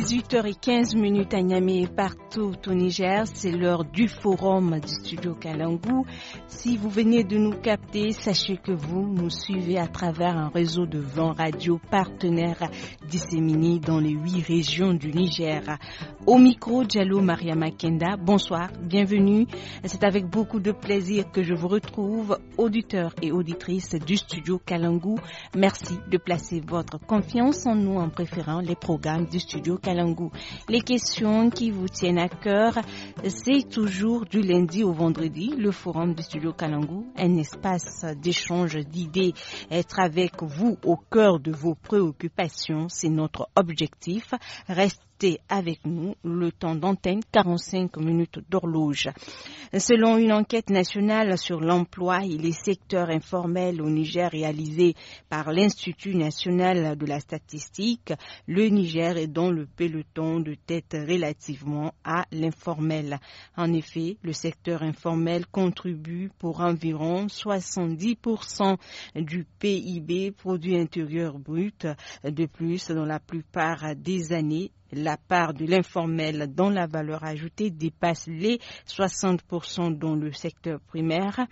18h15 à Niamey et partout au Niger, c'est l'heure du forum du studio Kalangou. Si vous venez de nous capter, sachez que vous nous suivez à travers un réseau de vents radio partenaires disséminés dans les huit régions du Niger. Au micro, Diallo Maria Makenda, bonsoir, bienvenue. C'est avec beaucoup de plaisir que je vous retrouve, auditeurs et auditrices du studio Kalangou. Merci de placer votre confiance en nous en préférant les programmes du studio Kalangou. Les questions qui vous tiennent à cœur, c'est toujours du lundi au vendredi, le forum du studio Kalangou, un espace d'échange d'idées, être avec vous au cœur de vos préoccupations, c'est notre objectif avec nous le temps d'antenne 45 minutes d'horloge. Selon une enquête nationale sur l'emploi et les secteurs informels au Niger réalisée par l'Institut national de la statistique, le Niger est dans le peloton de tête relativement à l'informel. En effet, le secteur informel contribue pour environ 70% du PIB, produit intérieur brut. De plus, dans la plupart des années, la part de l'informel dans la valeur ajoutée dépasse les 60% dans le secteur primaire.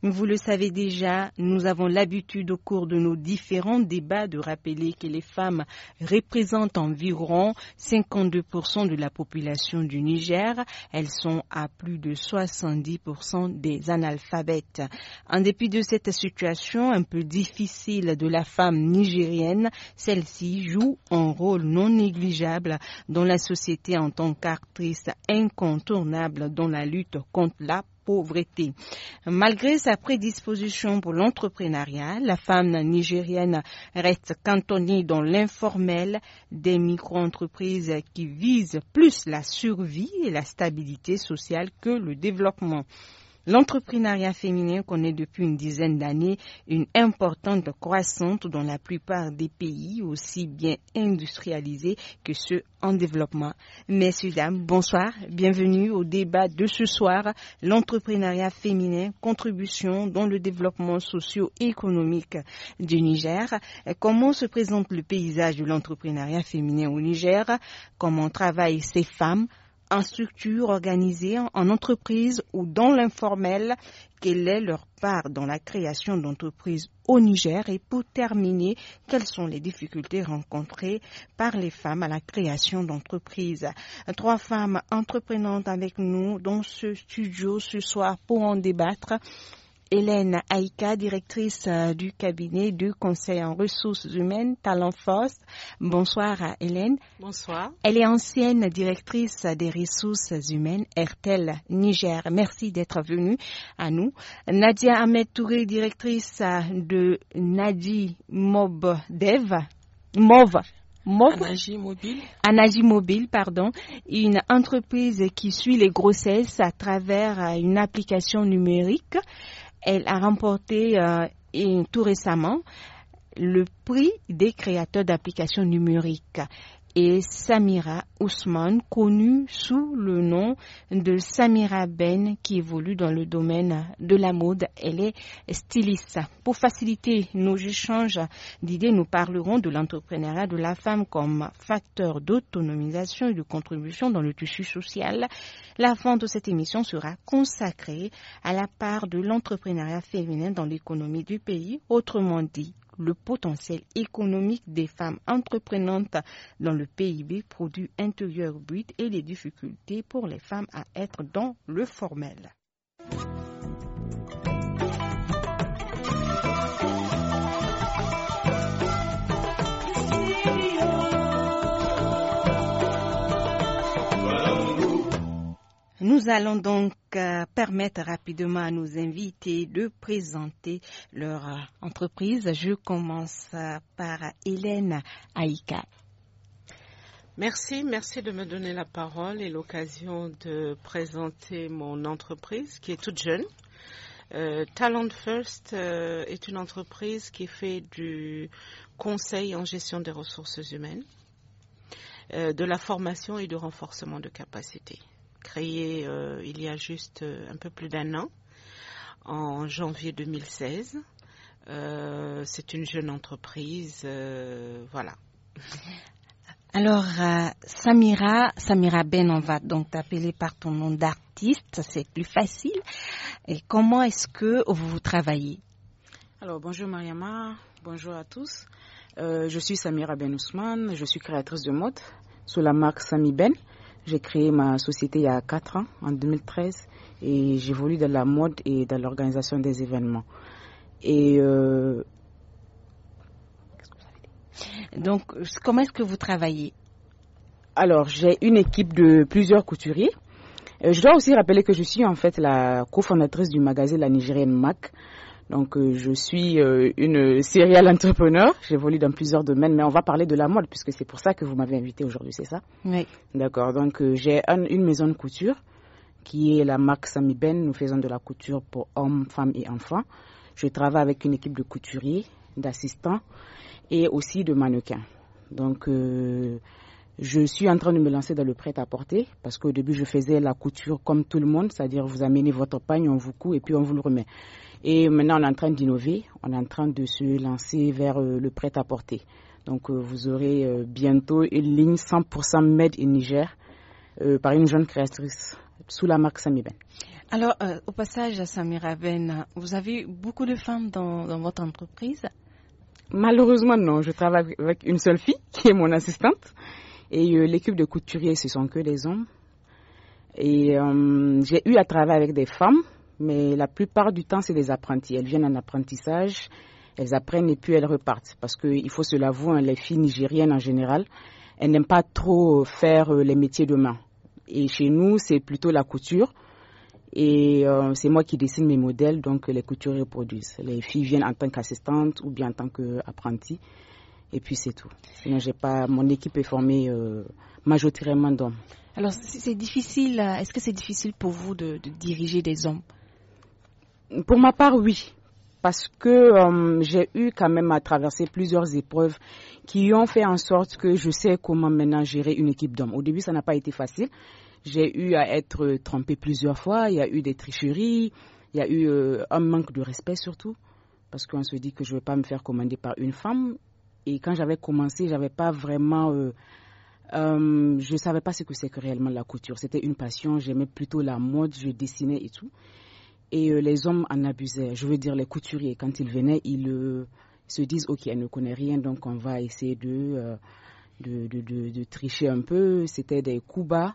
Vous le savez déjà, nous avons l'habitude au cours de nos différents débats de rappeler que les femmes représentent environ 52% de la population du Niger. Elles sont à plus de 70% des analphabètes. En dépit de cette situation un peu difficile de la femme nigérienne, celle-ci joue un rôle non négligeable dans la société en tant qu'actrice incontournable dans la lutte contre la Malgré sa prédisposition pour l'entrepreneuriat, la femme nigérienne reste cantonnée dans l'informel des micro-entreprises qui visent plus la survie et la stabilité sociale que le développement. L'entrepreneuriat féminin connaît depuis une dizaine d'années une importante croissance dans la plupart des pays, aussi bien industrialisés que ceux en développement. Messieurs, dames, bonsoir. Bienvenue au débat de ce soir. L'entrepreneuriat féminin, contribution dans le développement socio-économique du Niger. Comment se présente le paysage de l'entrepreneuriat féminin au Niger? Comment travaillent ces femmes? en structure organisée, en entreprise ou dans l'informel, quelle est leur part dans la création d'entreprises au Niger et pour terminer, quelles sont les difficultés rencontrées par les femmes à la création d'entreprises. Trois femmes entreprenantes avec nous dans ce studio ce soir pour en débattre. Hélène Aïka, directrice euh, du cabinet du Conseil en ressources humaines Talent Force. Bonsoir à Hélène. Bonsoir. Elle est ancienne directrice des ressources humaines RTL e Niger. Merci d'être venue à nous. Nadia Ahmed Touré, directrice euh, de Nadi Mob Dev. Mobile. Mobile, pardon, une entreprise qui suit les grossesses à travers euh, une application numérique. Elle a remporté euh, tout récemment le prix des créateurs d'applications numériques et Samira Ousmane, connue sous le nom de Samira Ben, qui évolue dans le domaine de la mode. Elle est styliste. Pour faciliter nos échanges d'idées, nous parlerons de l'entrepreneuriat de la femme comme facteur d'autonomisation et de contribution dans le tissu social. La fin de cette émission sera consacrée à la part de l'entrepreneuriat féminin dans l'économie du pays, autrement dit le potentiel économique des femmes entreprenantes dans le PIB, produit intérieur brut et les difficultés pour les femmes à être dans le formel. Nous allons donc euh, permettre rapidement à nos invités de présenter leur euh, entreprise. Je commence euh, par Hélène Aïka. Merci, merci de me donner la parole et l'occasion de présenter mon entreprise qui est toute jeune. Talent First est une entreprise qui fait du conseil en gestion des ressources humaines, de la formation et du renforcement de capacités. Créée euh, il y a juste euh, un peu plus d'un an, en janvier 2016. Euh, c'est une jeune entreprise, voilà. Alors, Samira, Samira Ben, on va donc t'appeler par ton nom d'artiste, c'est plus facile. Et comment est-ce que vous travaillez Alors, bonjour Mariama, bonjour à tous. je suis Samira Ben Ousmane, je suis créatrice de mode sous la marque Sami Ben. J'ai créé ma société il y a 4 ans, en 2013, et j'évolue dans la mode et dans l'organisation des événements. Et euh, donc, comment est-ce que vous travaillez Alors, j'ai une équipe de plusieurs couturiers. Euh, je dois aussi rappeler que je suis en fait la cofondatrice du magazine La Nigérienne MAC, donc euh, je suis euh, une serial entrepreneur, j'évolue dans plusieurs domaines, mais on va parler de la mode puisque c'est pour ça que vous m'avez invité aujourd'hui, c'est ça Oui. D'accord, donc euh, j'ai une maison de couture qui est la marque Sami Ben, nous faisons de la couture pour hommes, femmes et enfants. Je travaille avec une équipe de couturiers, d'assistants et aussi de mannequins. Donc euh, je suis en train de me lancer dans le prêt-à-porter parce qu'au début, je faisais la couture comme tout le monde, c'est-à-dire vous amenez votre pagne, on vous coud et puis on vous le remet. Et maintenant, on est en train d'innover, on est en train de se lancer vers euh, le prêt-à-porter. Donc, euh, vous aurez euh, bientôt une ligne 100% Made in Niger par une jeune créatrice sous la marque Samiben. Alors, au passage, Samira Ben, vous avez beaucoup de femmes dans, votre entreprise Malheureusement, non. Je travaille avec une seule fille qui est mon assistante. Et l'équipe de couturiers, ce sont que des hommes. Et j'ai eu à travailler avec des femmes, mais la plupart du temps, c'est des apprentis. Elles viennent en apprentissage, elles apprennent et puis elles repartent. Parce qu'il faut se l'avouer, hein, les filles nigériennes en général, elles n'aiment pas trop euh, faire euh, les métiers de main. Et chez nous, c'est plutôt la couture. Et euh, c'est moi qui dessine mes modèles, donc les coutures reproduisent. Les filles viennent en tant qu'assistantes ou bien en tant qu'apprenties. Et puis c'est tout. Sinon, Mon équipe est formée majoritairement d'hommes. Alors, Est-ce que c'est difficile pour vous de diriger des hommes pour ma part, oui. Parce que euh, j'ai eu quand même à traverser plusieurs épreuves qui ont fait en sorte que je sais comment maintenant gérer une équipe d'hommes. Au début, ça n'a pas été facile. J'ai eu à être trompée plusieurs fois. Il y a eu des tricheries. Il y a eu euh, un manque de respect surtout. Parce qu'on se dit que je ne vais pas me faire commander par une femme. Et quand j'avais commencé, j'avais pas vraiment. Euh, je ne savais pas ce que c'est que réellement la couture. C'était une passion, j'aimais plutôt la mode, je dessinais et tout. Et euh, les hommes en abusaient. Je veux dire, les couturiers, quand ils venaient, ils, euh, se disent Ok, elle ne connaît rien, donc on va essayer euh, de, de, de, tricher un peu. C'était des coups bas.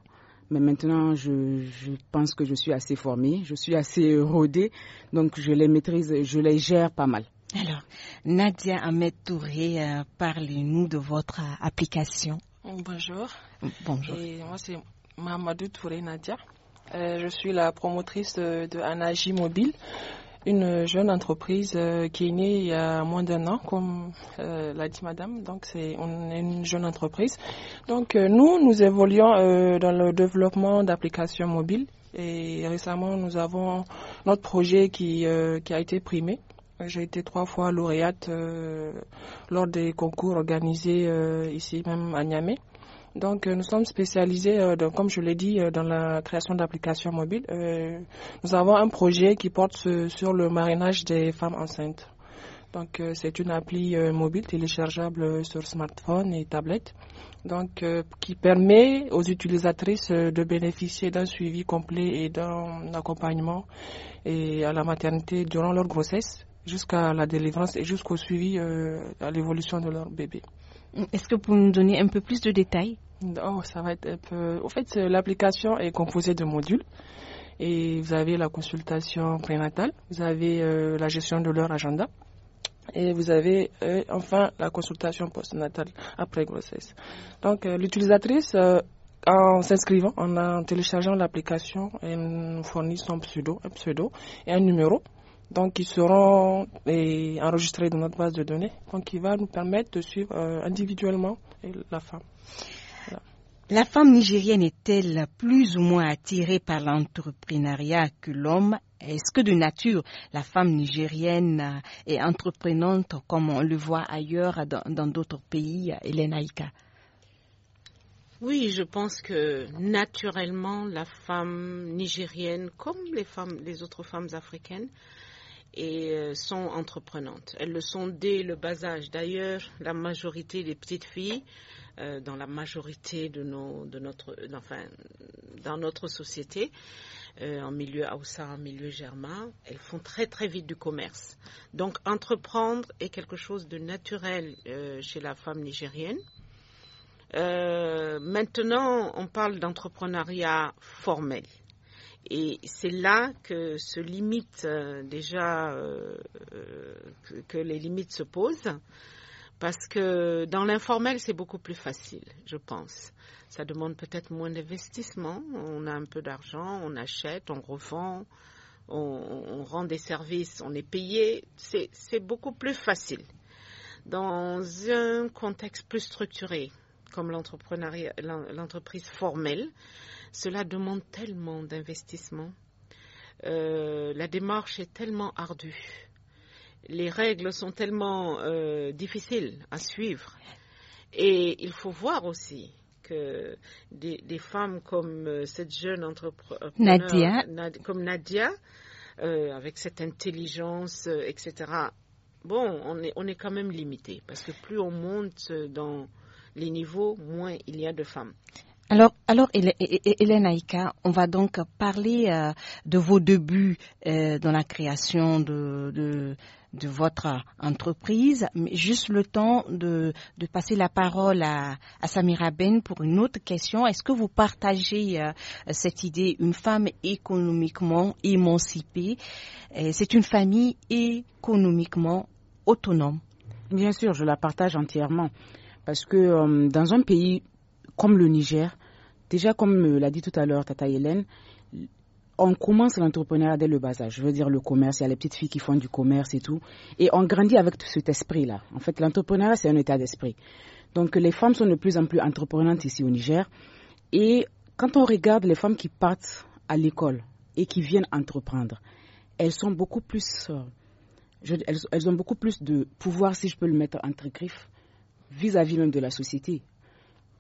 Mais maintenant, je, je, pense que je suis assez formée, je suis assez rodée, donc je les maîtrise, je les gère pas mal. Alors, Nadia Ahmed Touré, parlez-nous de votre application. Bonjour. Bonjour. moi, c'est Mamadou Touré Nadia. Euh, je suis la promotrice euh, de, Anagi Mobile, une jeune entreprise euh, qui est née il y a moins d'un an, comme l'a dit madame. Donc, c'est on est une jeune entreprise. Donc, nous, nous évoluons dans le développement d'applications mobiles. Et récemment, nous avons notre projet qui, qui a été primé. J'ai été trois fois lauréate lors des concours organisés ici même à Niamey. Donc, euh, nous sommes spécialisés, euh, comme je l'ai dit, euh, dans la création d'applications mobiles. nous avons un projet qui porte sur le marinage des femmes enceintes. Donc, c'est une appli mobile téléchargeable sur smartphone et tablette, donc qui permet aux utilisatrices de bénéficier d'un suivi complet et d'un accompagnement et à la maternité durant leur grossesse jusqu'à la délivrance et jusqu'au suivi à l'évolution de leur bébé. Est-ce que vous pouvez nous donner un peu plus de détails Oh, ça va être un peu. En fait, l'application est composée de modules. Et vous avez la consultation prénatale, vous avez euh, la gestion de leur agenda, et vous avez euh, enfin la consultation postnatale après grossesse. Donc, euh, l'utilisatrice en s'inscrivant, en, téléchargeant l'application, elle nous fournit son pseudo, un pseudo et un numéro donc qui seront eh, enregistrés dans notre base de données, donc qui va nous permettre de suivre euh, individuellement eh, la femme. La femme nigérienne est-elle plus ou moins attirée par l'entrepreneuriat que l'homme Est-ce que de nature, la femme nigérienne euh, est entreprenante comme on le voit ailleurs dans d'autres pays, Hélène oui, je pense que naturellement, la femme nigérienne, comme les, femmes, les autres femmes africaines, et euh, sont entreprenantes. Elles le sont dès le bas âge. D'ailleurs, la majorité des petites filles, euh, dans la majorité de nos, de notre, dans notre société, euh, en milieu Haussa, en milieu germain, elles font très très vite du commerce. Donc, entreprendre est quelque chose de naturel chez la femme nigérienne. maintenant, on parle d'entrepreneuriat formel. Et c'est là que se limite euh, déjà, euh, que, les limites se posent, parce que dans l'informel, c'est beaucoup plus facile, je pense. Ça demande peut-être moins d'investissement, on a un peu d'argent, on achète, on revend, on, on, rend des services, on est payé, c'est beaucoup plus facile. Dans un contexte plus structuré, comme l'entreprise formelle, cela demande tellement d'investissement. Euh, la démarche est tellement ardue. Les règles sont tellement euh, difficiles à suivre. Et il faut voir aussi que des, femmes comme euh, cette jeune entrepreneur, comme Nadia, avec cette intelligence, etc., bon, on est quand même limité, parce que plus on monte dans les niveaux, moins il y a de femmes. Alors, alors Hélène Aïka, on va donc parler euh, de vos débuts euh, dans la création de, votre entreprise, mais juste le temps de, passer la parole à, Samira Ben pour une autre question. Est-ce que vous partagez euh, cette idée, une femme économiquement émancipée C'est une famille économiquement autonome. Bien sûr, je la partage entièrement parce que dans un pays comme le Niger, déjà comme euh, l'a dit tout à l'heure Tata Hélène, on commence l'entrepreneuriat dès le bas âge. Je veux dire le commerce, il y a les petites filles qui font du commerce et tout. Et on grandit avec cet esprit-là. En fait, l'entrepreneuriat, c'est un état d'esprit. Donc les femmes sont de plus en plus entreprenantes ici au Niger. Et quand on regarde les femmes qui partent à l'école et qui viennent entreprendre, elles sont beaucoup plus... Euh, elles, ont beaucoup plus de pouvoir, si je peux le mettre entre griffes, vis à -vis même de la société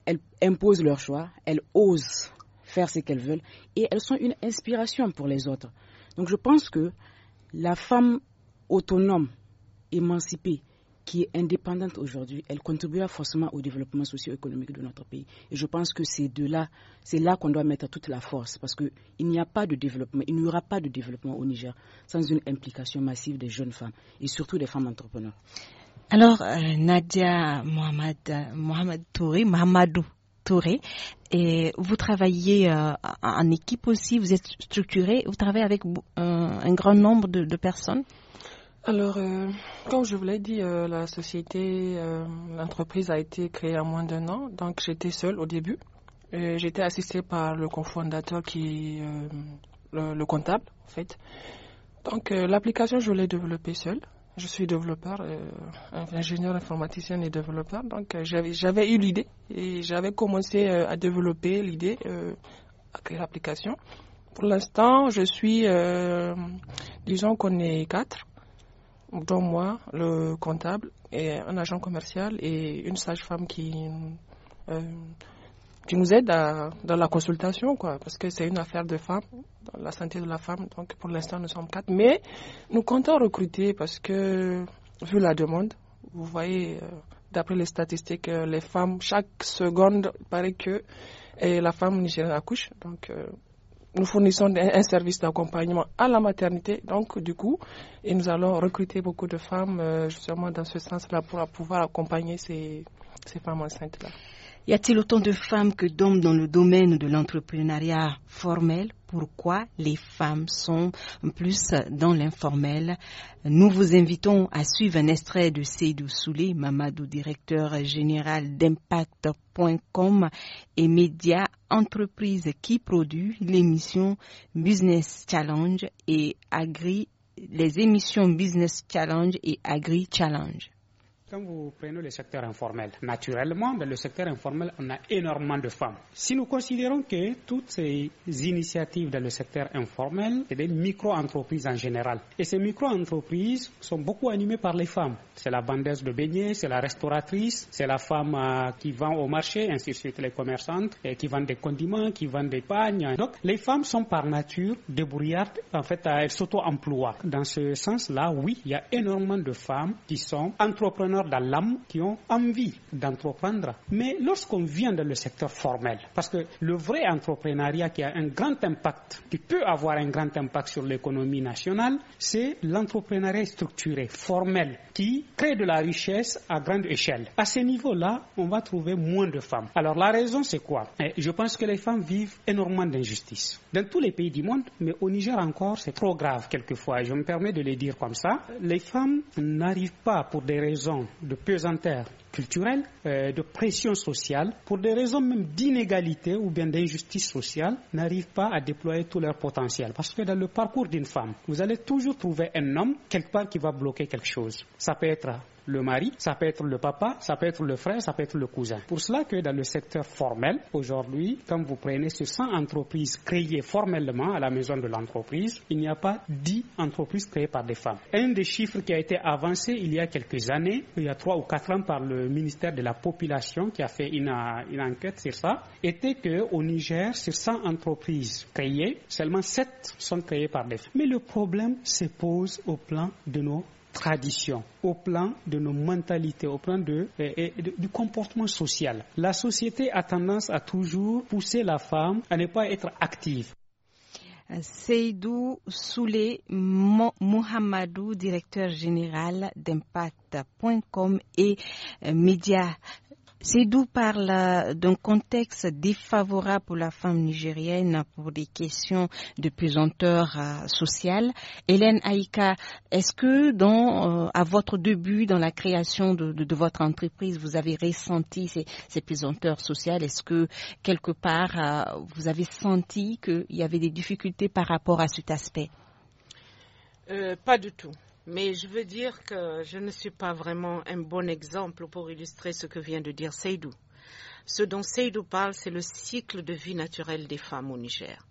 elles imposent leur choix, elles osent faire ce qu'elles veulent et elles sont une inspiration pour les autres. Donc je pense que la femme autonome, émancipée, qui est indépendante aujourd'hui, elle contribuera forcément au développement socio-économique de notre pays. Et je pense que c'est de là, c'est là qu'on doit mettre toute la force, parce qu'il n'y a pas de développement, il n'y aura pas de développement au Niger sans une implication massive des jeunes femmes et surtout des femmes entrepreneurs. Alors, euh, Nadia Mohamed, Mohamed Touré, Mamadou Touré, et vous travaillez euh, en équipe aussi, vous êtes structuré, vous travaillez avec un grand nombre de, personnes Alors, euh, comme je vous l'ai dit, la société, l'entreprise a été créée en moins d'un an, donc j'étais seule au début. J'étais assistée par le cofondateur qui le, le, comptable, en fait. Donc, l'application, je l'ai développée seule. Je suis développeur, euh, ingénieur informaticien et développeur. Donc euh, j'avais eu l'idée et j'avais commencé euh, à développer l'idée, à créer l'application. Pour l'instant, je suis, disons qu'on est quatre, dont moi, le comptable, et un agent commercial et une sage-femme qui tu nous aides dans la consultation, quoi, parce que c'est une affaire de femme, dans la santé de la femme. Donc pour l'instant, nous sommes quatre. Mais nous comptons recruter parce que, vu la demande, vous voyez, euh, d'après les statistiques, euh, les femmes, chaque seconde, il paraît que la femme nigérienne accouche. Donc euh, nous fournissons un, un service d'accompagnement à la maternité. Donc, du coup, et nous allons recruter beaucoup de femmes justement dans ce sens-là pour pouvoir accompagner ces femmes enceintes-là. Y a-t-il autant de femmes que d'hommes dans le domaine de l'entrepreneuriat formel Pourquoi les femmes sont plus dans l'informel Nous vous invitons à suivre un extrait de Seydou Souley, Mamadou, directeur général d'impact.com et média entreprise qui produit l'émission Business Challenge et Agri les émissions Business Challenge et Agri Challenge. Quand vous prenez le secteur informel, naturellement, dans le secteur informel, on a énormément de femmes. Si nous considérons que toutes ces initiatives dans le secteur informel, c'est des micro-entreprises en général. Et ces micro-entreprises sont beaucoup animées par les femmes. C'est la bandeuse de beignets, c'est la restauratrice, c'est la femme euh, qui vend au marché, ainsi de suite, les commerçantes, qui vendent des condiments, qui vendent des pagnes. Donc, les femmes sont par nature débrouillardes. En fait, elles s'auto-emploient. Dans ce sens-là, oui, il y a énormément de femmes qui sont entrepreneurs dans l'âme qui ont envie d'entreprendre. Mais lorsqu'on vient dans le secteur formel, parce que le vrai entrepreneuriat qui a un grand impact, qui peut avoir un grand impact sur l'économie nationale, c'est l'entrepreneuriat structuré, formel, qui crée de la richesse à grande échelle. À ce niveau-là, on va trouver moins de femmes. Alors la raison, c'est quoi eh, Je pense que les femmes vivent énormément d'injustice. Dans tous les pays du monde, mais au Niger encore, c'est trop grave quelquefois. Je me permets de les dire comme ça. Les femmes n'arrivent pas, pour des raisons de pesanteur culturelle, euh, de pression sociale, pour des raisons même d'inégalité ou bien d'injustice sociale, n'arrivent pas à déployer tout leur potentiel. Parce que dans le parcours d'une femme, vous allez toujours trouver un homme quelque part qui va bloquer quelque chose. Ça peut être le mari, ça peut être le papa, ça peut être le frère, ça peut être le cousin. Pour cela que dans le secteur formel, aujourd'hui, quand vous prenez sur 100 entreprises créées formellement à la maison de l'entreprise, il n'y a pas 10 entreprises créées par des femmes. Un des chiffres qui a été avancé il y a quelques années, il y a 3 ou 4 ans par le ministère de la Population qui a fait une, une enquête sur ça, était qu'au Niger, sur 100 entreprises créées, seulement 7 sont créées par des femmes. Mais le problème se pose au plan de nos tradition au plan de nos mentalités, au plan euh, de, du comportement social. La société a tendance à toujours pousser la femme à ne pas être active. Euh, Seydou Souley Mohamedou, directeur général d'impact.com et euh, Média d'où parle euh, d'un contexte défavorable pour la femme nigérienne pour des questions de pesanteur social. Euh, sociale. Hélène Aïka, est-ce que dans, euh, à votre début, dans la création de, votre entreprise, vous avez ressenti ces, ces pesanteurs sociales Est-ce que quelque part, vous avez senti qu'il y avait des difficultés par rapport à cet aspect Pas du tout. Mais je veux dire que je ne suis pas vraiment un bon exemple pour illustrer ce que vient de dire Seydou. Ce dont Seydou parle, c'est le cycle de vie naturelle des femmes au Niger.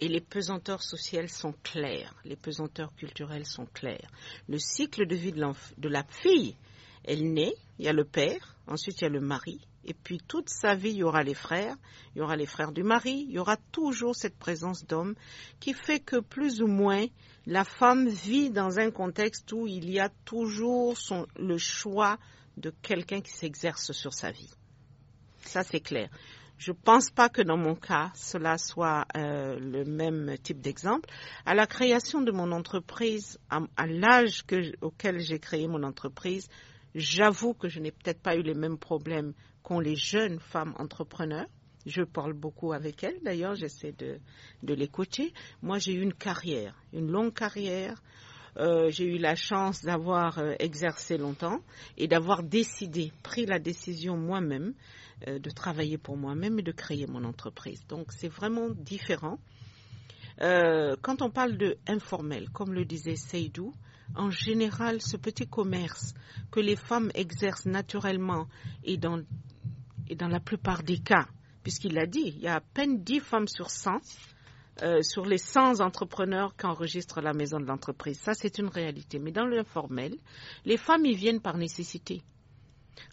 Et les pesanteurs sociales sont clairs, les pesanteurs culturelles sont claires. Le cycle de vie de la fille, elle naît, il y a le père, ensuite il y a le mari, et puis toute sa vie, il y aura les frères, il y aura les frères du mari, il y aura toujours cette présence d'hommes qui fait que plus ou moins la femme vit dans un contexte où il y a toujours le choix de quelqu'un qui s'exerce sur sa vie. Ça, c'est clair. Je ne pense pas que dans mon cas, cela soit euh, le même type d'exemple. À la création de mon entreprise, à l'âge auquel j'ai créé mon entreprise, j'avoue que je n'ai peut-être pas eu les mêmes problèmes qu'ont les jeunes femmes entrepreneurs. Je parle beaucoup avec elles, d'ailleurs, j'essaie de, de les coacher. Moi, j'ai eu une carrière, une longue carrière. Euh, j'ai eu la chance d'avoir euh, exercé longtemps et d'avoir décidé, pris la décision moi-même euh, de travailler pour moi-même et de créer mon entreprise. Donc c'est vraiment différent. quand on parle de informel, comme le disait Seydou, en général, ce petit commerce que les femmes exercent naturellement et dans et dans la plupart des cas, puisqu'il l'a dit, il y a à peine 10 femmes sur 100 euh, sur les 100 entrepreneurs qu'enregistre la maison de l'entreprise. Ça, c'est une réalité. Mais dans l'informel, les femmes y viennent par nécessité.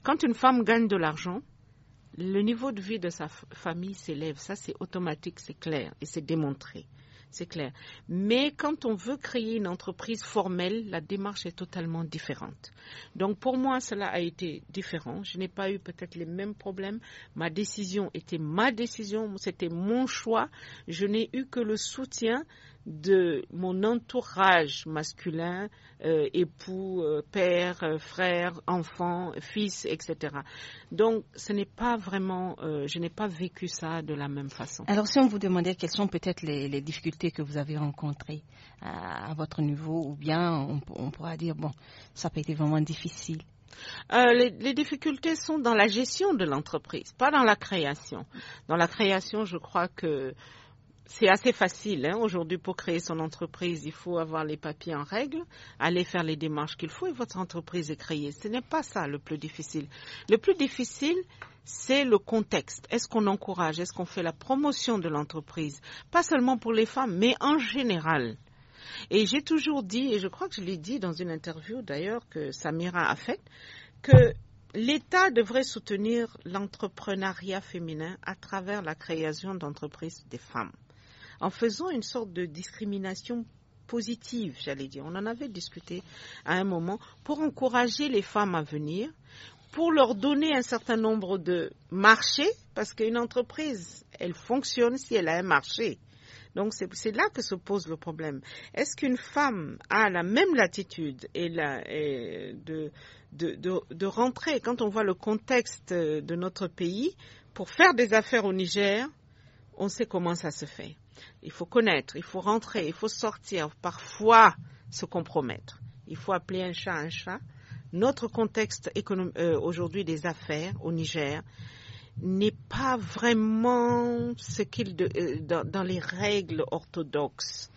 Quand une femme gagne de l'argent, le niveau de vie de sa famille s'élève. Ça, c'est automatique, c'est clair et c'est démontré c'est clair. Mais quand on veut créer une entreprise formelle, la démarche est totalement différente. Donc pour moi, cela a été différent. Je n'ai pas eu peut-être les mêmes problèmes. Ma décision était ma décision, c'était mon choix. Je n'ai eu que le soutien de mon entourage masculin, euh, époux, euh, père, euh, frère, enfant, fils, etc. Donc, ce n'est pas vraiment, je n'ai pas vécu ça de la même façon. Alors, si on vous demandait quelles sont peut-être les, les, difficultés que vous avez rencontrées à, à votre niveau, ou bien on, on, pourra dire, bon, ça peut été vraiment difficile. Euh, les, les, difficultés sont dans la gestion de l'entreprise, pas dans la création. Dans la création, je crois que c'est assez facile hein. aujourd'hui pour créer son entreprise. Il faut avoir les papiers en règle, aller faire les démarches qu'il faut et votre entreprise est créée. Ce n'est pas ça le plus difficile. Le plus difficile, c'est le contexte. Est-ce qu'on encourage, est-ce qu'on fait la promotion de l'entreprise Pas seulement pour les femmes, mais en général. Et j'ai toujours dit, et je crois que je l'ai dit dans une interview d'ailleurs que Samira a faite, que l'État devrait soutenir l'entrepreneuriat féminin à travers la création d'entreprises des femmes en faisant une sorte de discrimination positive, j'allais dire. On en avait discuté à un moment pour encourager les femmes à venir, pour leur donner un certain nombre de marchés, parce qu'une entreprise, elle fonctionne si elle a un marché. Donc c'est là que se pose le problème. Est-ce qu'une femme a la même latitude de rentrer, quand on voit le contexte de notre pays, pour faire des affaires au Niger, on sait comment ça se fait. Il faut connaître, il faut rentrer, il faut sortir, parfois se compromettre. Il faut appeler un chat un chat. Notre contexte euh, aujourd'hui des affaires au Niger n'est pas vraiment ce qu'il euh, dans les règles orthodoxes.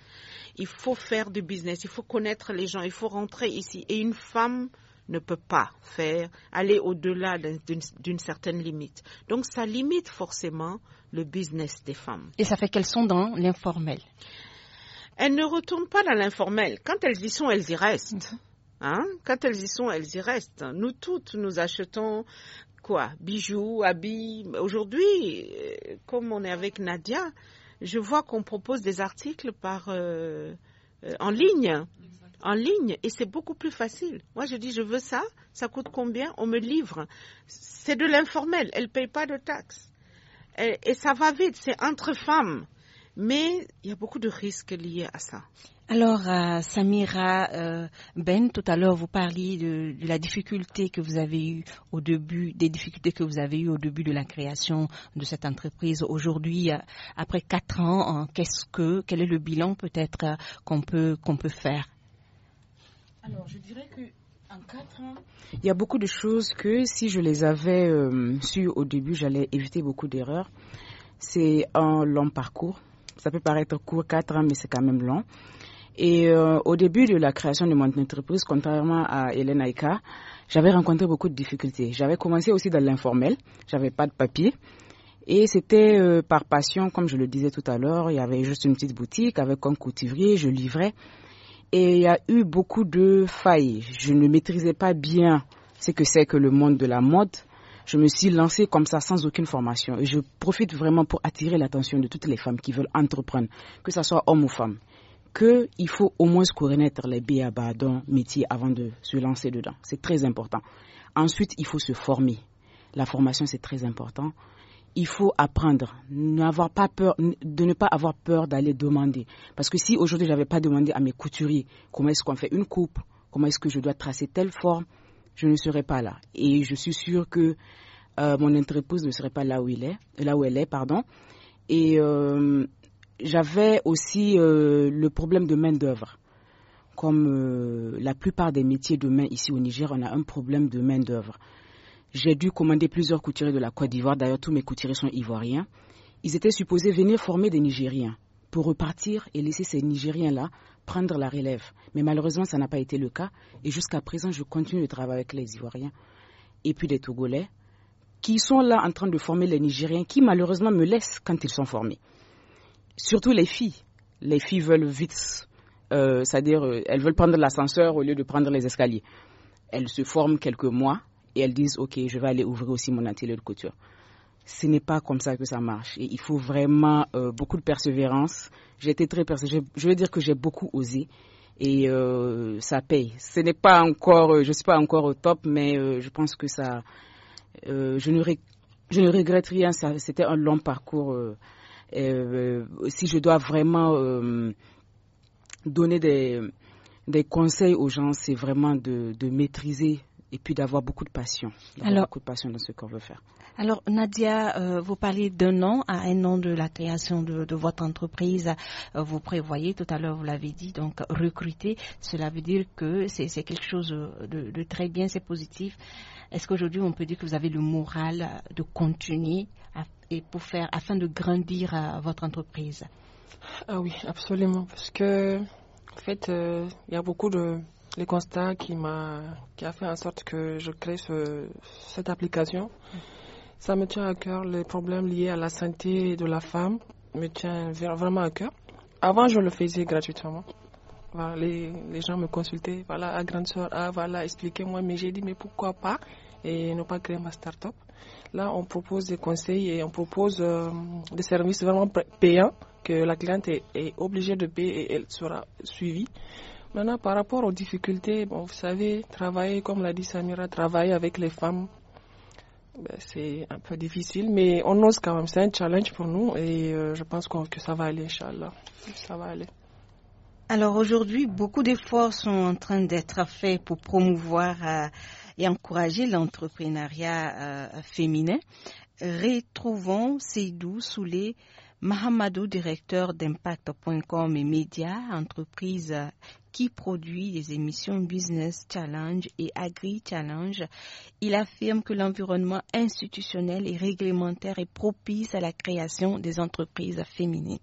Il faut faire du business, il faut connaître les gens, il faut rentrer ici. Et une femme ne peut pas faire, aller au-delà d'une certaine limite. Donc ça limite forcément le business des femmes. Et ça fait qu'elles sont dans l'informel. Elles ne retournent pas dans l'informel. Quand elles y sont, elles y restent. Mhm. Hein? Quand elles y sont, elles y restent. Nous toutes, nous achetons quoi Bijoux, habits. Aujourd'hui, comme on est avec Nadia, je vois qu'on propose des articles par euh, euh, en ligne en ligne et c'est beaucoup plus facile. Moi, je dis, je veux ça, ça coûte combien On me livre. C'est de l'informel, elle ne paye pas de taxes. Et, ça va vite, c'est entre femmes. Mais il y a beaucoup de risques liés à ça. Alors, euh, Samira euh, Ben, tout à l'heure, vous parliez de, la difficulté que vous avez eue au début, des difficultés que vous avez eues au début de la création de cette entreprise. Aujourd'hui, euh, après quatre ans, hein, qu'est-ce que, quel est le bilan peut-être qu'on peut, qu'on peut faire alors, je dirais que en quatre ans, il y a beaucoup de choses que si je les avais euh, sues su au début, j'allais éviter beaucoup d'erreurs. C'est un long parcours. Ça peut paraître court, quatre ans, mais c'est quand même long. Et euh, au début de la création de mon entreprise, contrairement à Hélène Aïka, j'avais rencontré beaucoup de difficultés. J'avais commencé aussi dans l'informel, j'avais pas de papier. Et c'était euh, par passion, comme je le disais tout à l'heure, il y avait juste une petite boutique avec un couturier, je livrais et il y a eu beaucoup de failles. Je ne maîtrisais pas bien ce que c'est que le monde de la mode. Je me suis lancée comme ça sans aucune formation. Et je profite vraiment pour attirer l'attention de toutes les femmes qui veulent entreprendre, que ce soit homme ou femme, qu'il faut au moins connaître les BABA le métier avant de se lancer dedans. C'est très important. Ensuite, il faut se former. La formation, c'est très important il faut apprendre, de ne pas avoir peur d'aller demander. Parce que si aujourd'hui je n'avais pas demandé à mes couturiers comment est-ce qu'on fait une coupe, comment est-ce que je dois tracer telle forme, je ne serais pas là. Et je suis sûre que euh, mon entreprise ne serait pas là où il est, là où elle est, Et euh, j'avais aussi euh, le problème de main d'œuvre. Comme la plupart des métiers de main ici au Niger, on a un problème de main d'œuvre. J'ai dû commander plusieurs couturiers de la Côte d'Ivoire. D'ailleurs, tous mes couturiers sont ivoiriens. Ils étaient supposés venir former des Nigériens pour repartir et laisser ces Nigériens-là prendre la relève. Mais malheureusement, ça n'a pas été le cas. Et jusqu'à présent, je continue de travailler avec les Ivoiriens et puis les Togolais qui sont là en train de former les Nigériens qui malheureusement me laissent quand ils sont formés. Surtout les filles. Les filles veulent vite, euh, c'est-à-dire euh, elles veulent prendre l'ascenseur au lieu de prendre les escaliers. Elles se forment quelques mois, et elles disent ok je vais aller ouvrir aussi mon atelier de couture. Ce n'est pas comme ça que ça marche et il faut vraiment euh, beaucoup de persévérance. J'ai été très persévérée. Je veux dire que j'ai beaucoup osé et euh, ça paye. Ce n'est pas encore, euh, je suis pas encore au top, mais je pense que ça, je ne, regrette rien. C'était un long parcours. si je dois vraiment donner des, des conseils aux gens, c'est vraiment de maîtriser et puis d'avoir beaucoup de passion. Alors, beaucoup de passion dans ce qu'on veut faire. Alors, Nadia, euh, vous parlez d'un an à un an de la création de, votre entreprise. Euh, vous prévoyez, tout à l'heure, vous l'avez dit, donc recruter. Cela veut dire que c'est quelque chose euh, de, très bien, c'est positif. Est-ce qu'aujourd'hui, on peut dire que vous avez le moral de continuer et pour faire, afin de grandir votre entreprise ah oui, absolument. Parce que, en fait, il y a beaucoup de les constat qui m'a qui a fait en sorte que je crée cette application. Ça me tient à cœur les problèmes liés à la santé de la femme me tient vraiment à cœur. Avant, je le faisais gratuitement. les, gens me consultaient, voilà, à grande soeur, ah, voilà, expliquez-moi. Mais j'ai dit, mais pourquoi pas et ne pas créer ma start-up. Là, on propose des conseils et on propose euh, des services vraiment payants que la cliente est obligée de payer et elle sera suivie. Maintenant, par rapport aux difficultés, bon, vous savez, travailler, comme l'a dit Samira, travailler avec les femmes, ben, c'est un peu difficile, mais on ose quand même. C'est un challenge pour nous et euh, je pense que ça va aller, Inch'Allah. Ça va aller. Alors aujourd'hui, beaucoup d'efforts sont en train d'être faits pour promouvoir euh, et encourager l'entrepreneuriat euh, féminin. Retrouvons Seydou Soulé, Mahamadou, directeur d'impact.com et médias, entreprise qui produit les émissions Business Challenge et Agri Challenge. Il affirme que l'environnement institutionnel et réglementaire est propice à la création des entreprises féminines.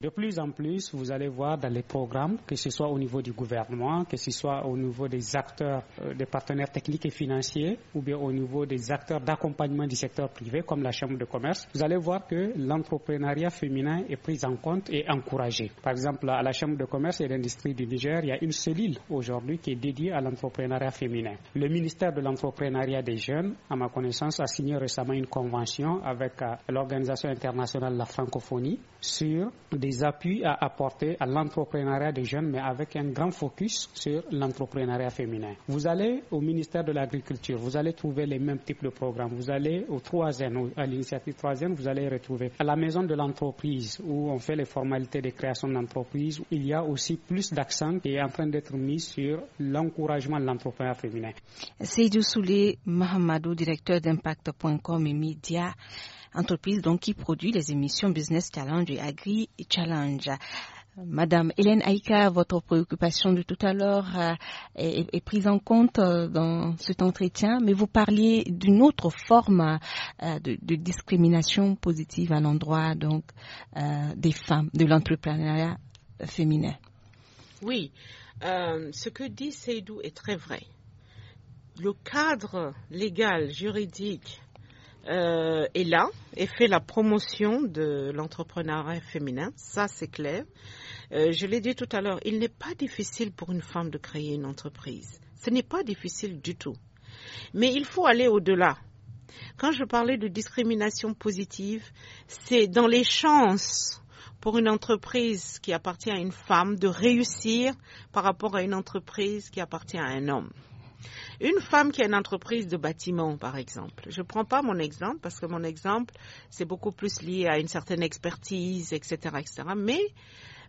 De plus en plus, vous allez voir dans les programmes, que ce soit au niveau du gouvernement, que ce soit au niveau des acteurs, euh, des partenaires techniques et financiers, ou bien au niveau des acteurs d'accompagnement du secteur privé, comme la Chambre de commerce, vous allez voir que l'entrepreneuriat féminin est pris en compte et encouragé. Par exemple, à la Chambre de commerce et d'industrie du Niger, il y a une cellule aujourd'hui qui est dédiée à l'entrepreneuriat féminin. Le ministère de l'entrepreneuriat des jeunes, à ma connaissance, a signé récemment une convention avec euh, l'Organisation internationale de la francophonie sur des des appuis à apporter à l'entrepreneuriat des jeunes, mais avec un grand focus sur l'entrepreneuriat féminin. Vous allez au ministère de l'Agriculture, vous allez trouver les mêmes types de programmes. Vous allez au troisième, à l'initiative 3 vous allez retrouver à la maison de l'entreprise où on fait les formalités de création d'entreprise. Il y a aussi plus d'accent qui est en train d'être mis sur l'encouragement de l'entrepreneuriat féminin. Seydou Souley, Mahamadou, directeur d'impact.com et Media entreprise donc qui produit les émissions Business Challenge et Agri Challenge. Madame Hélène Aïka, votre préoccupation de tout à l'heure euh, est, prise en compte euh, dans cet entretien, mais vous parliez d'une autre forme euh, de, discrimination positive à l'endroit donc des femmes, de l'entrepreneuriat féminin. Oui, ce que dit Seydou est très vrai. Le cadre légal, juridique euh, est là et fait la promotion de l'entrepreneuriat féminin, ça c'est clair. Euh, je l'ai dit tout à l'heure, il n'est pas difficile pour une femme de créer une entreprise. Ce n'est pas difficile du tout. Mais il faut aller au-delà. Quand je parlais de discrimination positive, c'est dans les chances pour une entreprise qui appartient à une femme de réussir par rapport à une entreprise qui appartient à un homme. Une femme qui a une entreprise de bâtiment, par exemple. Je ne prends pas mon exemple parce que mon exemple, c'est beaucoup plus lié à une certaine expertise, etc. etc. mais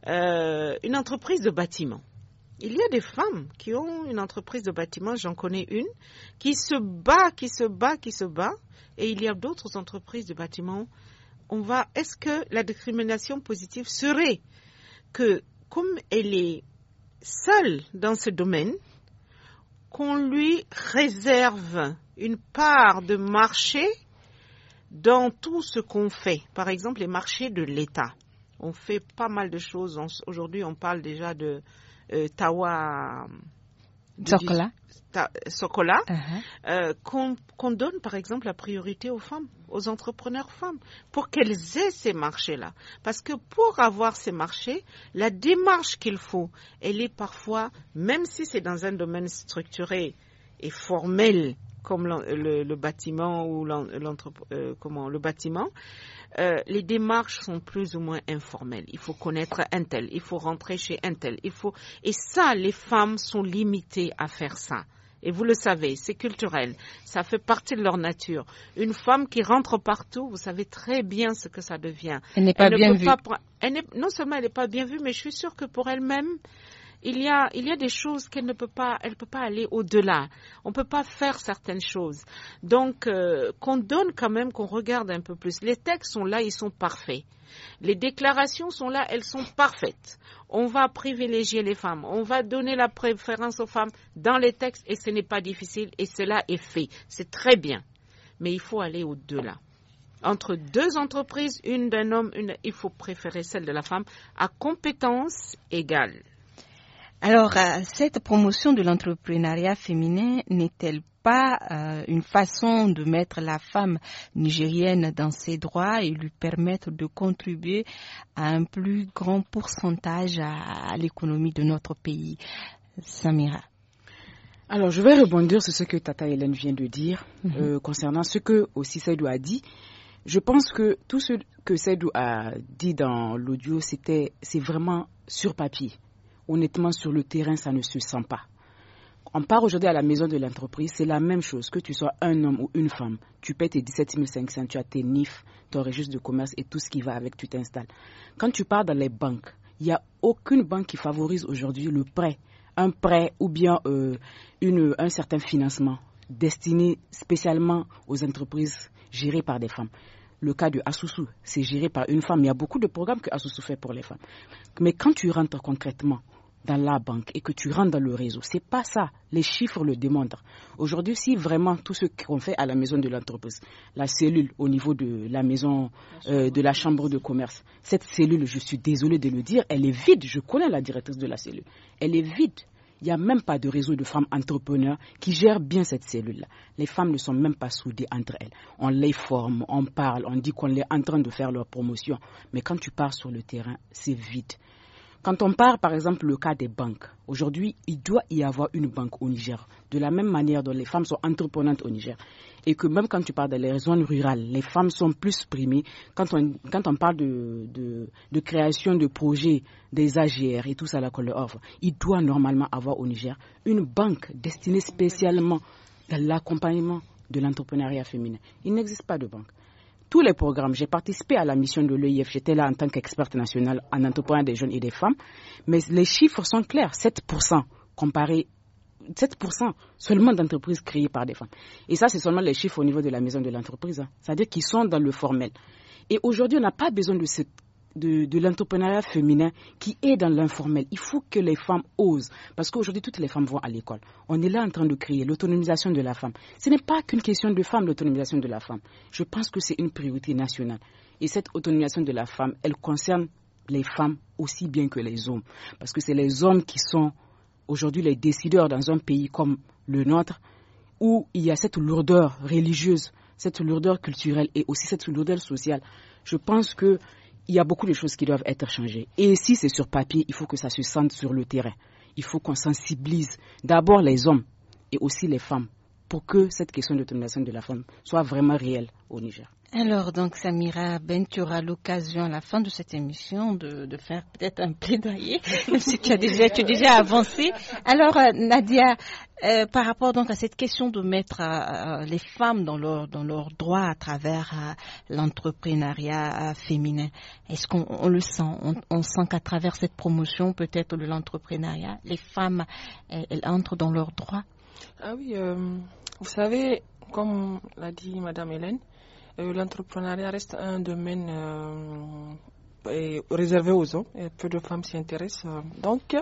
euh, une entreprise de bâtiment. Il y a des femmes qui ont une entreprise de bâtiment, j'en connais une, qui se bat, qui se bat, qui se bat. Et il y a d'autres entreprises de bâtiment. On va, est-ce que la discrimination positive serait que, comme elle est seule dans ce domaine, qu'on lui réserve une part de marché dans tout ce qu'on fait. Par exemple, les marchés de l'État. On fait pas mal de choses. Aujourd'hui, on parle déjà de euh, Tawa Socola, euh, uh-huh. euh, qu'on donne par exemple la priorité aux femmes, aux entrepreneurs femmes, pour qu'elles aient ces marchés-là. Parce que pour avoir ces marchés, la démarche qu'il faut, elle est parfois, même si c'est dans un domaine structuré et formel, comme le, bâtiment ou euh, comment, le bâtiment, euh, les démarches sont plus ou moins informelles. Il faut connaître un tel, il faut rentrer chez un tel, il faut et ça, les femmes sont limitées à faire ça. Et vous le savez, c'est culturel, ça fait partie de leur nature. Une femme qui rentre partout, vous savez très bien ce que ça devient. Elle n'est pas bien vue. non seulement elle n'est pas bien vue, mais je suis sûre que pour elle-même, il y a, il y a des choses qu'elle ne peut pas, elle peut pas aller au-delà. On ne peut pas faire certaines choses. Donc, euh, qu'on donne quand même, qu'on regarde un peu plus. Les textes sont là, ils sont parfaits. Les déclarations sont là, elles sont parfaites. On va privilégier les femmes, on va donner la préférence aux femmes dans les textes et ce n'est pas difficile et cela est fait. C'est très bien. Mais il faut aller au-delà entre deux entreprises, une d'un homme, une, il faut préférer celle de la femme à compétence égale. Alors, euh, cette promotion de l'entrepreneuriat féminin n'est-elle pas euh, une façon de mettre la femme nigérienne dans ses droits et lui permettre de contribuer à un plus grand pourcentage à, l'économie de notre pays Samira. Alors, je vais rebondir sur ce que Tata Hélène vient de dire mhm. euh, concernant ce que aussi Saïdou a dit. Je pense que tout ce que Saïdou a dit dans l'audio, c'était c'est vraiment sur papier honnêtement, sur le terrain, ça ne se sent pas. On part aujourd'hui à la maison de l'entreprise, c'est la même chose, que tu sois un homme ou une femme. Tu paies tes 17 500, tu as tes NIF, ton registre de commerce et tout ce qui va avec, tu t'installes. Quand tu pars dans les banques, il n'y a aucune banque qui favorise aujourd'hui le prêt, un prêt ou bien euh, un certain financement destiné spécialement aux entreprises gérées par des femmes le cas de Asusu, c'est géré par une femme. Il y a beaucoup de programmes que Asusu fait pour les femmes. Mais quand tu rentres concrètement, dans la banque et que tu rentres dans le réseau. C'est pas ça. Les chiffres le démontrent. Aujourd'hui, si vraiment tout ce qu'on fait à la maison de l'entreprise, la cellule au niveau de la maison euh, de la chambre de commerce, cette cellule, je suis désolé de le dire, elle est vide. Je connais la directrice de la cellule. Elle est vide. Il n'y a même pas de réseau de femmes entrepreneurs qui gèrent bien cette cellule-là. Les femmes ne sont même pas soudées entre elles. On les forme, on parle, on dit qu'on est en train de faire leur promotion. Mais quand tu pars sur le terrain, c'est vide. Quand on parle par exemple, le cas des banques, aujourd'hui, il doit y avoir une banque au Niger, de la même manière dont les femmes sont entreprenantes au Niger. Et que même quand tu parles des zones rurales, les femmes sont plus primées. Quand on, parle de, création de projets, des AGR et tout ça, qu'on leur offre, il doit normalement avoir au Niger une banque destinée spécialement à l'accompagnement de l'entrepreneuriat féminin. Il n'existe pas de banque tous les programmes. J'ai participé à la mission de l'EIF. J'étais là en tant qu'experte nationale en entrepreneur des jeunes et des femmes. Mais les chiffres sont clairs. 7% comparé 7% seulement d'entreprises créées par des femmes. Et ça, c'est seulement les chiffres au niveau de la maison de l'entreprise. Hein. C'est-à-dire qu'ils sont dans le formel. Et aujourd'hui, on n'a pas besoin de cette de, l'entrepreneuriat féminin qui est dans l'informel. Il faut que les femmes osent, parce qu'aujourd'hui, toutes les femmes vont à l'école. On est là en train de créer l'autonomisation de la femme. Ce n'est pas qu'une question de femme, l'autonomisation de la femme. Je pense que c'est une priorité nationale. Et cette autonomisation de la femme, elle concerne les femmes aussi bien que les hommes, parce que c'est les hommes qui sont aujourd'hui les décideurs dans un pays comme le nôtre, où il y a cette lourdeur religieuse, cette lourdeur culturelle et aussi cette lourdeur sociale. Je pense que il y a beaucoup de choses qui doivent être changées. Et si c'est sur papier, il faut que ça se sente sur le terrain. Il faut qu'on sensibilise d'abord les hommes et aussi les femmes pour que cette question de l'autonomisation de la femme soit vraiment réelle au Niger. Alors, donc, Samira Ben, tu auras l'occasion à la fin de cette émission de, de faire peut-être un plaidoyer, même si tu as déjà, tu déjà avancé. Alors, euh, Nadia, euh, par rapport donc à cette question de mettre euh, les femmes dans leurs dans leur droits à travers l'entrepreneuriat féminin, est-ce qu'on le sent on, sent qu'à travers cette promotion peut-être de l'entrepreneuriat, les femmes, elles, entrent dans leurs droits ah oui, vous savez, comme l'a dit Madame Hélène, euh, l'entrepreneuriat reste un domaine euh, réservé aux hommes. Et peu de femmes s'y intéressent. Donc,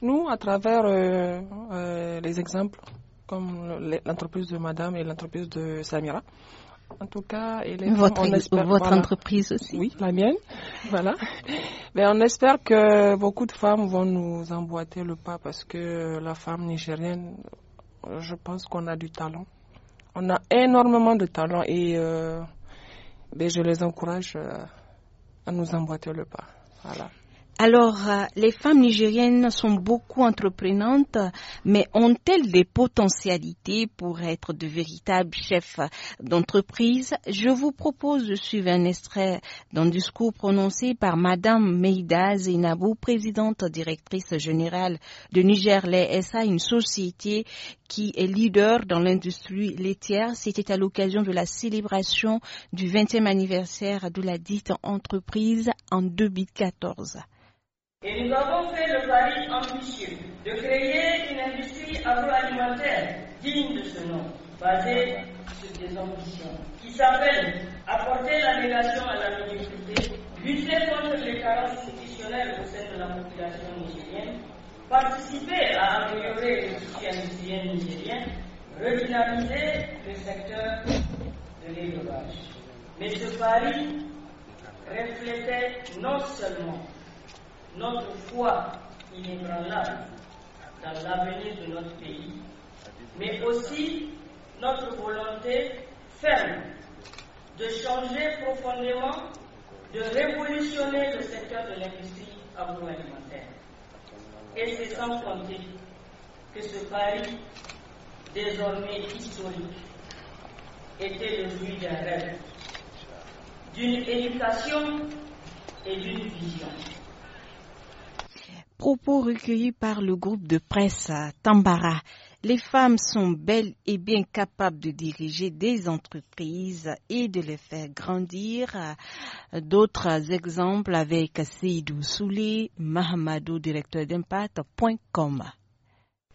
nous, à travers euh, les exemples, comme l'entreprise de Madame et l'entreprise de Samira, en tout cas, et votre, entreprise aussi. Oui, la mienne. voilà. Mais ben, on espère que beaucoup de femmes vont nous emboîter le pas parce que la femme nigérienne, euh, je pense qu'on a du talent. On a énormément de talent et euh, ben, je les encourage euh, à nous emboîter le pas. Alors, les femmes nigériennes sont beaucoup entreprenantes, mais ont-elles des potentialités pour être de véritables chefs d'entreprise Je vous propose de suivre un extrait d'un discours prononcé par Madame Meida Zinabou, présidente directrice générale de Niger SA, une société qui est leader dans l'industrie laitière. C'était à l'occasion de la célébration du 20e anniversaire de la dite entreprise en 2014. Et nous avons fait le pari ambitieux de créer une industrie agroalimentaire digne de ce nom, basée sur des ambitions qui s'appelle apporter la négation à la médiocrité, lutter contre les carences institutionnelles au sein de la population nigérienne, participer à améliorer le soutien nigérienne nigérien, redynamiser le secteur de l'élevage. Mais ce pari reflétait non seulement notre foi inébranlable dans l'avenir de notre pays, mais aussi notre volonté ferme de changer profondément, de révolutionner le secteur de l'industrie agroalimentaire. Et c'est sans compter que ce Paris, désormais historique, était le fruit d'un rêve, d'une éducation et d'une vision. Propos recueillis par le groupe de presse euh, Tambara les femmes sont belles et bien capables de diriger des entreprises et de les faire grandir. D'autres exemples avec Seydou Souley, Mahamadou, directeur d'impact.com.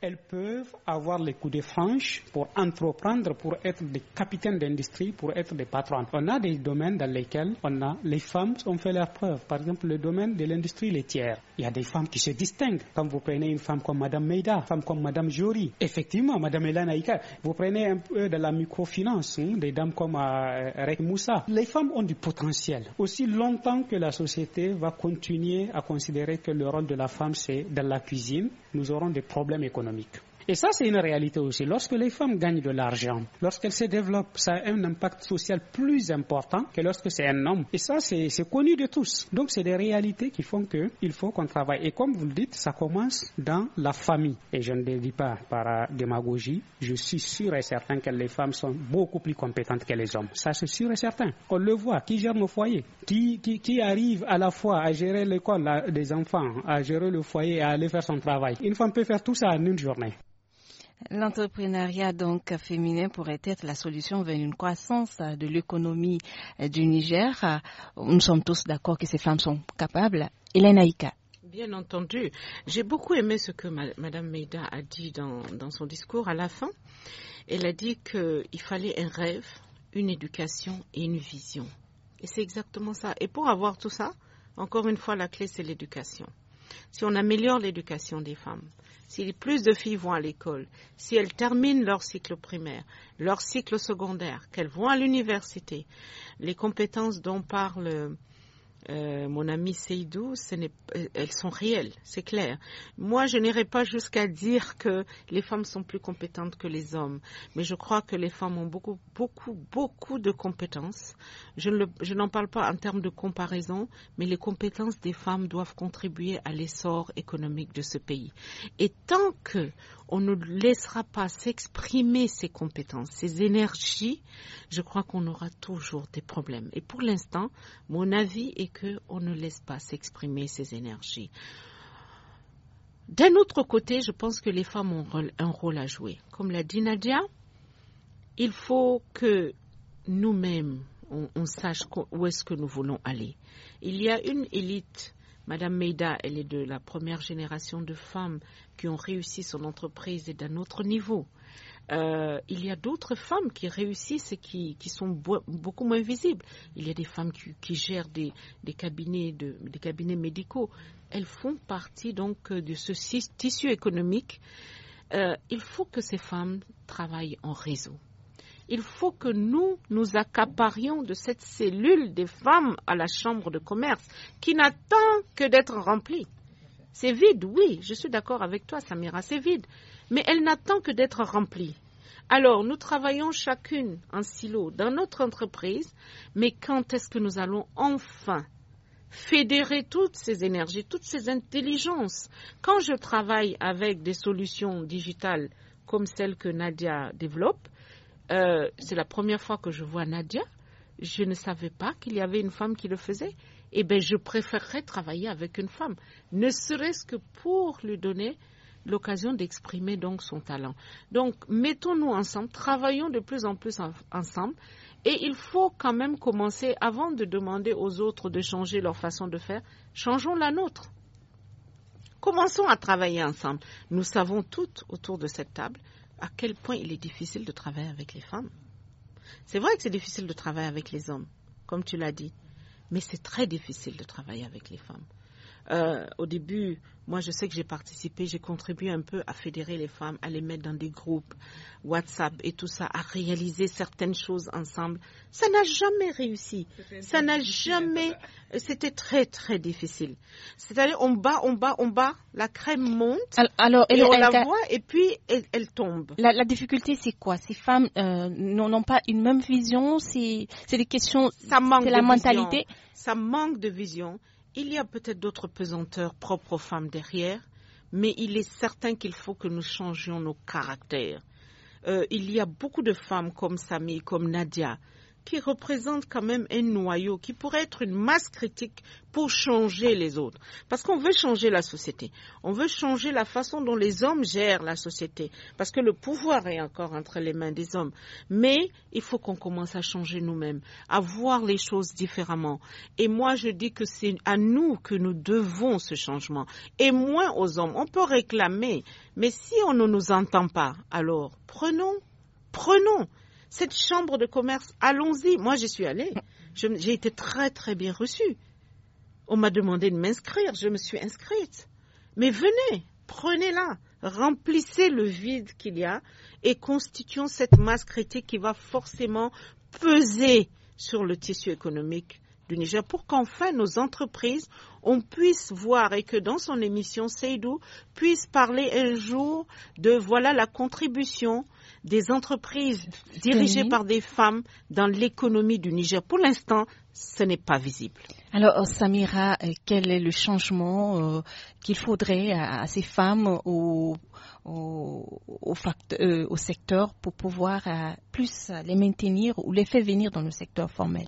Elles peuvent avoir les coups de franche pour entreprendre, pour être des capitaines d'industrie, pour être des patrons. On a des domaines dans lesquels a les femmes ont fait leur preuve. Par exemple, le domaine de l'industrie laitière. Il y a des femmes qui se distinguent. Quand vous prenez une femme comme Madame Meida, femme comme Madame Jory, effectivement, Madame elena, vous prenez un peu de la microfinance, hein, des dames comme euh, Rek Moussa. Les femmes ont du potentiel. Aussi longtemps que la société va continuer à considérer que le rôle de la femme, c'est dans la cuisine, nous aurons des problèmes économiques. Et ça, c'est une réalité aussi. Lorsque les femmes gagnent de l'argent, lorsqu'elles se développent, ça a un impact social plus important que lorsque c'est un homme. Et ça, c'est connu de tous. Donc, c'est des réalités qui font qu'il faut qu'on travaille. Et comme vous le dites, ça commence dans la famille. Et je ne le dis pas par démagogie. Je suis sûr et certain que les femmes sont beaucoup plus compétentes que les hommes. Ça, c'est sûr et certain. On le voit. Qui gère nos foyers qui, qui, qui arrive à la fois à gérer l'école des enfants, à gérer le foyer et à aller faire son travail Une femme peut faire tout ça en une journée. L'entrepreneuriat donc féminin pourrait être la solution vers une croissance de l'économie du Niger. Nous sommes tous d'accord que ces femmes sont capables. Hélène Bien entendu. J'ai beaucoup aimé ce que Madame Meida a dit dans, dans son discours à la fin. Elle a dit qu'il fallait un rêve, une éducation et une vision. Et c'est exactement ça. Et pour avoir tout ça, encore une fois, la clé, c'est l'éducation si on améliore l'éducation des femmes, si plus de filles vont à l'école, si elles terminent leur cycle primaire, leur cycle secondaire, qu'elles vont à l'université, les compétences dont parle euh, mon ami Seydou, euh, elles sont réelles, c'est clair. Moi, je n'irai pas jusqu'à dire que les femmes sont plus compétentes que les hommes, mais je crois que les femmes ont beaucoup, beaucoup, beaucoup de compétences. je n'en parle pas en termes de comparaison, mais les compétences des femmes doivent contribuer à l'essor économique de ce pays. Et tant que on ne laissera pas s'exprimer ses compétences, ses énergies, je crois qu'on aura toujours des problèmes. Et pour l'instant, mon avis est que ne laisse pas s'exprimer ses énergies. D'un autre côté, je pense que les femmes ont un rôle à jouer. Comme l'a dit Nadia, il faut que nous-mêmes, on, sache où est-ce que nous voulons aller. Il y a une élite Madame Meida, elle est de la première génération de femmes qui ont réussi son entreprise et d'un autre niveau. Euh, il y a d'autres femmes qui réussissent et qui, sont beaucoup moins visibles. Il y a des femmes qui, gèrent des, cabinets des cabinets médicaux. Elles font partie donc de ce tissu économique. Euh, il faut que ces femmes travaillent en réseau il faut que nous nous accaparions de cette cellule des femmes à la chambre de commerce qui n'attend que d'être remplie. C'est vide, oui, je suis d'accord avec toi, Samira, c'est vide, mais elle n'attend que d'être remplie. Alors, nous travaillons chacune en silo dans notre entreprise, mais quand est-ce que nous allons enfin fédérer toutes ces énergies, toutes ces intelligences Quand je travaille avec des solutions digitales comme celles que Nadia développe, euh, c'est la première fois que je vois Nadia. Je ne savais pas qu'il y avait une femme qui le faisait. Eh bien, je préférerais travailler avec une femme, ne serait-ce que pour lui donner l'occasion d'exprimer donc son talent. Donc, mettons-nous ensemble, travaillons de plus en plus ensemble. Et il faut quand même commencer, avant de demander aux autres de changer leur façon de faire, changeons la nôtre. Commençons à travailler ensemble. Nous savons toutes autour de cette table à quel point il est difficile de travailler avec les femmes. C'est vrai que c'est difficile de travailler avec les hommes, comme tu l'as dit, mais c'est très difficile de travailler avec les femmes. Euh, au début, moi, je sais que j'ai participé, j'ai contribué un peu à fédérer les femmes, à les mettre dans des groupes WhatsApp et tout ça, à réaliser certaines choses ensemble. Ça n'a jamais réussi. Ça n'a jamais. C'était très très difficile. C'est-à-dire, on bat, on bat, on bat, la crème monte. Alors, et on la voit et puis elle, tombe. La, difficulté, c'est quoi Ces femmes euh, n'ont pas une même vision. C'est des questions. Ça manque de la mentalité. Ça manque de vision il y a peut-être d'autres pesanteurs propres aux femmes derrière, mais il est certain qu'il faut que nous changions nos caractères. Euh, il y a beaucoup de femmes comme Samy, comme Nadia, qui représente quand même un noyau, qui pourrait être une masse critique pour changer les autres. Parce qu'on veut changer la société. On veut changer la façon dont les hommes gèrent la société. Parce que le pouvoir est encore entre les mains des hommes. Mais il faut qu'on commence à changer nous-mêmes, à voir les choses différemment. Et moi, je dis que c'est à nous que nous devons ce changement. Et moins aux hommes. On peut réclamer. Mais si on ne nous entend pas, alors prenons, prenons cette chambre de commerce, allons-y. Moi, j'y suis allée. J'ai été très, très bien reçue. On m'a demandé de m'inscrire. Je me suis inscrite. Mais venez, prenez-la. Remplissez le vide qu'il y a et constituons cette masse critique qui va forcément peser sur le tissu économique du Niger pour qu'enfin nos entreprises, on puisse voir et que dans son émission, Seydou puisse parler un jour de voilà la contribution des entreprises dirigées par des femmes dans l'économie du Niger. Pour l'instant, ce n'est pas visible. Alors, euh, Samira, euh, quel est le changement euh, qu'il faudrait à, ces femmes au, secteur pour pouvoir plus les maintenir ou les faire venir dans le secteur formel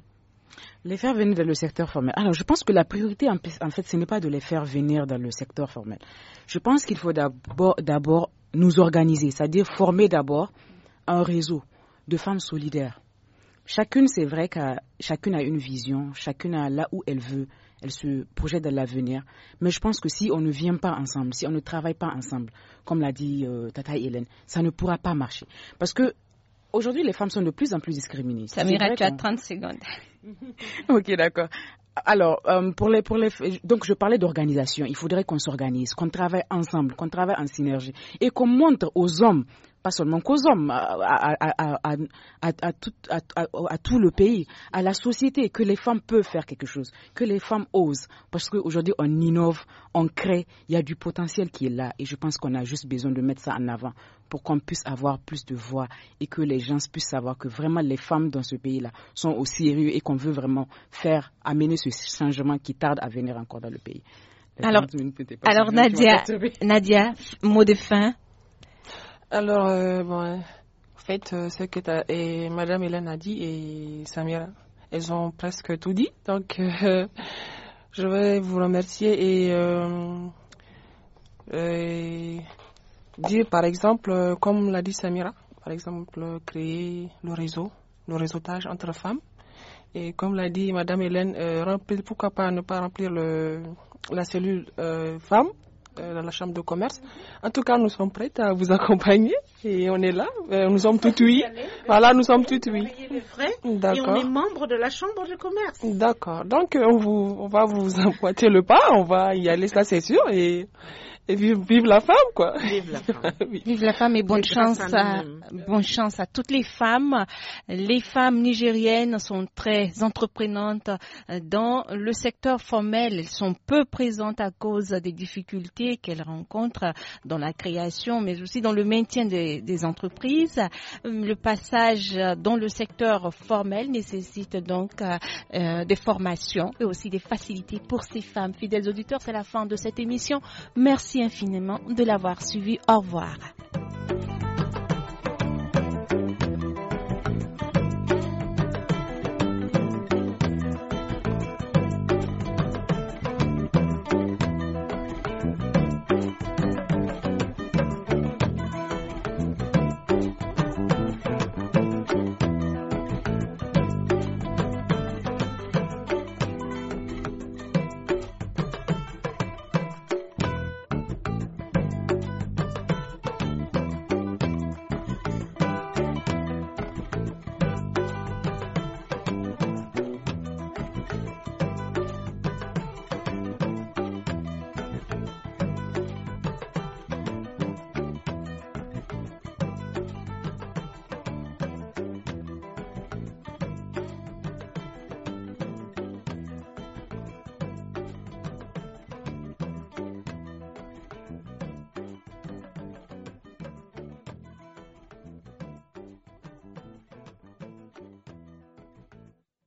les faire venir dans le secteur formel. Alors, je pense que la priorité, en fait, ce n'est pas de les faire venir dans le secteur formel. Je pense qu'il faut d'abord nous organiser, c'est-à-dire former d'abord un réseau de femmes solidaires. Chacune, c'est vrai que chacune a une vision, chacune a là où elle veut, elle se projette dans l'avenir. Mais je pense que si on ne vient pas ensemble, si on ne travaille pas ensemble, comme l'a dit Tataï euh, Tata Hélène, ça ne pourra pas marcher. Parce que Aujourd'hui, les femmes sont de plus en plus discriminées. Samira, tu as 30 secondes. ok, d'accord. Alors, euh, pour les, pour les, donc je parlais d'organisation. Il faudrait qu'on s'organise, qu'on travaille ensemble, qu'on travaille en synergie et qu'on montre aux hommes pas seulement qu'aux hommes, à, tout, le pays, à la société, que les femmes peuvent faire quelque chose, que les femmes osent. Parce qu'aujourd'hui, on innove, on crée, il y a du potentiel qui est là. Et je pense qu'on a juste besoin de mettre ça en avant pour qu'on puisse avoir plus de voix et que les gens puissent savoir que vraiment les femmes dans ce pays-là sont aussi sérieux et qu'on veut vraiment faire, amener ce changement qui tarde à venir encore dans le pays. Alors, alors Nadia, Nadia, mot de fin alors, euh, bon, euh, en fait, euh, ce que et Madame Hélène a dit et Samira, elles ont presque tout dit. Donc, euh, je vais vous remercier et, dire, par exemple, comme l'a dit Samira, par exemple, créer le réseau, le réseautage entre femmes. Et comme l'a dit Madame Hélène, remplir, pourquoi pas ne pas remplir la cellule femme euh, dans la chambre de commerce. En tout cas, nous sommes prêtes à vous accompagner et on est là. Euh, nous sommes toutes oui. Voilà, nous sommes toutes oui. Et on est membre de la chambre de commerce. D'accord. Donc, euh, on, vous, on va vous emboîter le pas, on va y aller, ça c'est sûr. Et vive, la femme, quoi. Vive la femme. et bonne chance, à, toutes les femmes. Les femmes nigériennes sont très entreprenantes euh, dans le secteur formel. Elles sont peu présentes à cause des difficultés qu'elles rencontrent dans la création, mais aussi dans le maintien des, entreprises. Le passage dans le secteur formel nécessite donc euh, euh, des formations et aussi des facilités pour ces femmes. Fidèles auditeurs, c'est la fin de cette émission. Merci Merci infiniment de l'avoir suivi. Au revoir.